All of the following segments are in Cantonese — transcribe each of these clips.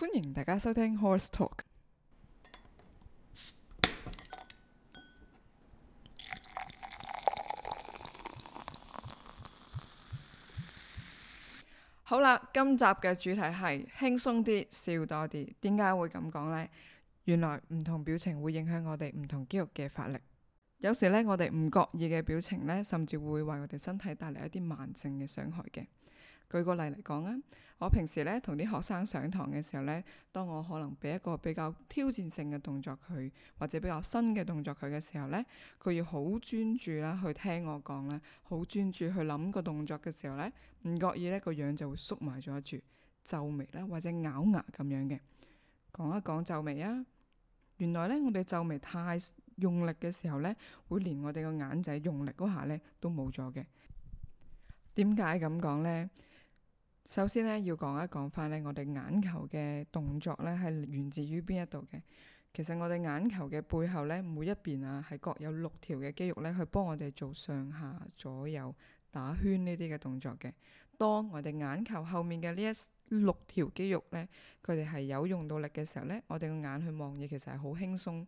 歡迎大家收聽《Horse Talk》。好啦，今集嘅主題係輕鬆啲，笑多啲。點解會咁講呢？原來唔同表情會影響我哋唔同肌肉嘅發力。有時呢，我哋唔覺意嘅表情呢，甚至會為我哋身體帶嚟一啲慢性嘅傷害嘅。舉個例嚟講啊，我平時咧同啲學生上堂嘅時候咧，當我可能俾一個比較挑戰性嘅動作佢，或者比較新嘅動作佢嘅時候咧，佢要好專注啦，去聽我講啦，好專注去諗個動作嘅時候咧，唔覺意咧個樣就會縮埋咗住，皺眉啦，或者咬牙咁樣嘅。講一講皺眉啊，原來咧我哋皺眉太用力嘅時候咧，會連我哋個眼仔用力嗰下咧都冇咗嘅。點解咁講咧？首先咧，要講一講翻咧，我哋眼球嘅動作咧係源自於邊一度嘅？其實我哋眼球嘅背後咧，每一邊啊，係各有六條嘅肌肉咧，去幫我哋做上下、左右打圈呢啲嘅動作嘅。當我哋眼球後面嘅呢一六條肌肉咧，佢哋係有用到力嘅時候咧，我哋個眼去望嘢其實係好輕鬆。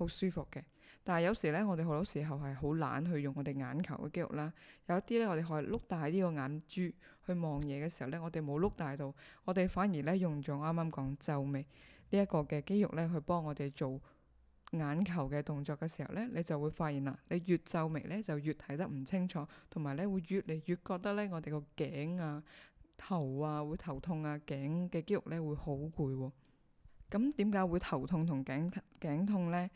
好舒服嘅，但係有時呢，我哋好多時候係好懶去用我哋眼球嘅肌肉啦。有一啲呢，我哋可以碌大呢個眼珠去望嘢嘅時候呢，我哋冇碌大到，我哋反而呢，用咗啱啱講皺眉呢一個嘅肌肉呢，去幫我哋做眼球嘅動作嘅時候呢，你就會發現啦，你越皺眉呢就越睇得唔清楚，同埋呢會越嚟越覺得呢，我哋個頸啊頭啊會頭痛啊，頸嘅肌肉呢會好攰喎。咁點解會頭痛同頸頸痛呢？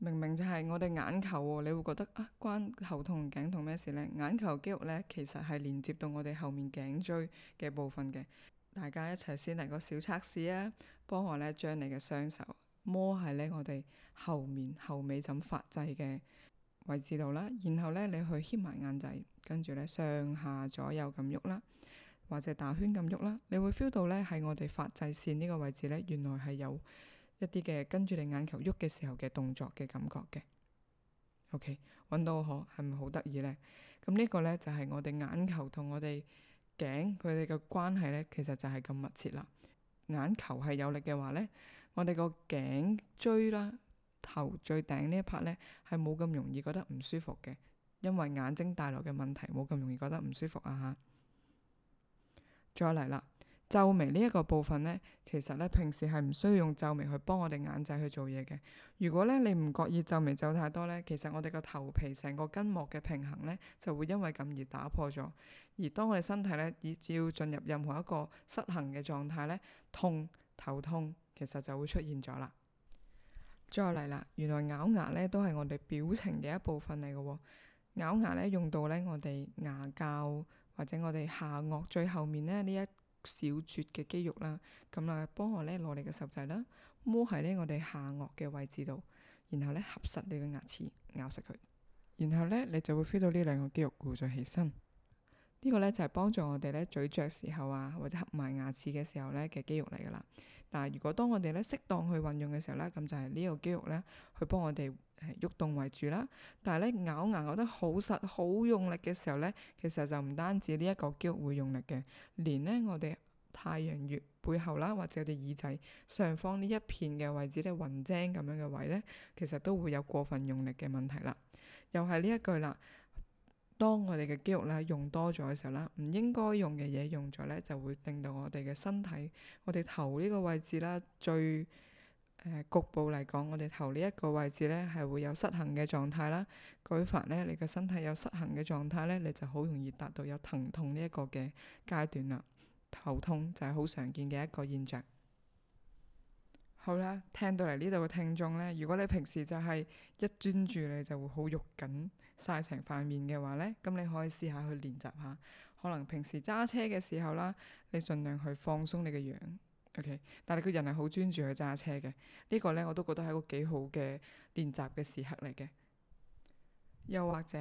明明就係我哋眼球喎，你會覺得「啊，關頭痛同頸痛咩事呢？」眼球肌肉呢，其實係連接到我哋後面頸椎嘅部分嘅。大家一齊先嚟個小測試啊！幫我呢將你嘅雙手摸喺呢我哋後面後尾枕髮際嘅位置度啦，然後呢，你去牽埋眼仔，跟住呢，上下左右咁喐啦。或者打圈咁喐啦，你會 feel 到咧喺我哋髮際線呢個位置咧，原來係有一啲嘅跟住你眼球喐嘅時候嘅動作嘅感覺嘅。OK，揾到可係咪好得意咧？咁呢個咧就係我哋眼球同我哋頸佢哋嘅關係咧，其實就係咁密切啦。眼球係有力嘅話咧，我哋個頸椎啦、頭最頂呢一 part 咧係冇咁容易覺得唔舒服嘅，因為眼睛帶來嘅問題冇咁容易覺得唔舒服啊嚇。再嚟啦，皺眉呢一個部分咧，其實咧平時係唔需要用皺眉去幫我哋眼仔去做嘢嘅。如果咧你唔覺意皺眉皺太多咧，其實我哋個頭皮成個筋膜嘅平衡咧就會因為咁而打破咗。而當我哋身體咧以只要進入任何一個失衡嘅狀態咧，痛、頭痛其實就會出現咗啦。再嚟啦，原來咬牙咧都係我哋表情嘅一部分嚟㗎喎，咬牙咧用到咧我哋牙骹。或者我哋下顎最後面咧呢一小撮嘅肌肉啦，咁啦，幫我咧攞你嘅手仔啦，摸喺咧我哋下顎嘅位置度，然後咧合實你嘅牙齒咬實佢，然後咧你就會 feel 到呢兩個肌肉鼓咗起身，個呢個咧就係、是、幫助我哋咧咀嚼時候啊或者合埋牙齒嘅時候咧嘅肌肉嚟噶啦。但係如果當我哋呢適當去運用嘅時候呢，咁就係呢個肌肉呢，去幫我哋喐動為主啦。但係呢，咬牙咬,咬得好實、好用力嘅時候呢，其實就唔單止呢一個肌肉會用力嘅，連呢，我哋太陽穴背後啦，或者我哋耳仔上方呢一片嘅位置呢，雲精咁樣嘅位呢，其實都會有過分用力嘅問題啦。又係呢一句啦。當我哋嘅肌肉咧用多咗嘅時候啦，唔應該用嘅嘢用咗咧，就會令到我哋嘅身體，我哋頭呢個位置啦，最誒、呃、局部嚟講，我哋頭呢一個位置咧係會有失衡嘅狀態啦。舉凡咧你嘅身體有失衡嘅狀態咧，你就好容易達到有疼痛呢一個嘅階段啦。頭痛就係好常見嘅一個現象。好啦，聽到嚟呢度嘅聽眾咧，如果你平時就係一專注你就會好肉緊晒成塊面嘅話咧，咁你可以試下去練習下。可能平時揸車嘅時候啦，你盡量去放鬆你嘅樣。OK，但係個人係好專注去揸車嘅。這個、呢個咧我都覺得係一個幾好嘅練習嘅時刻嚟嘅。又或者，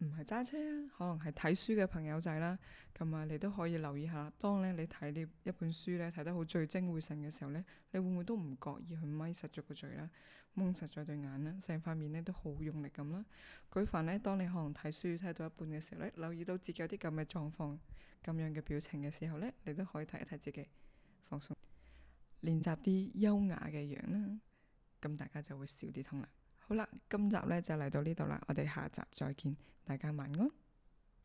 唔係揸車啊，可能係睇書嘅朋友仔啦，咁啊你都可以留意下啦。當咧你睇呢一本書咧睇得好聚精會神嘅時候咧，你會唔會都唔覺意去咪實咗個嘴啦，蒙實咗對眼啦，成塊面咧都好用力咁啦？舉凡咧，當你可能睇書睇到一半嘅時候咧，留意到自己有啲咁嘅狀況、咁樣嘅表情嘅時候咧，你都可以睇一睇自己，放鬆，練習啲優雅嘅樣啦。咁大家就會少啲痛啦。好啦，今集呢就嚟到呢度啦，我哋下集再見，大家晚安。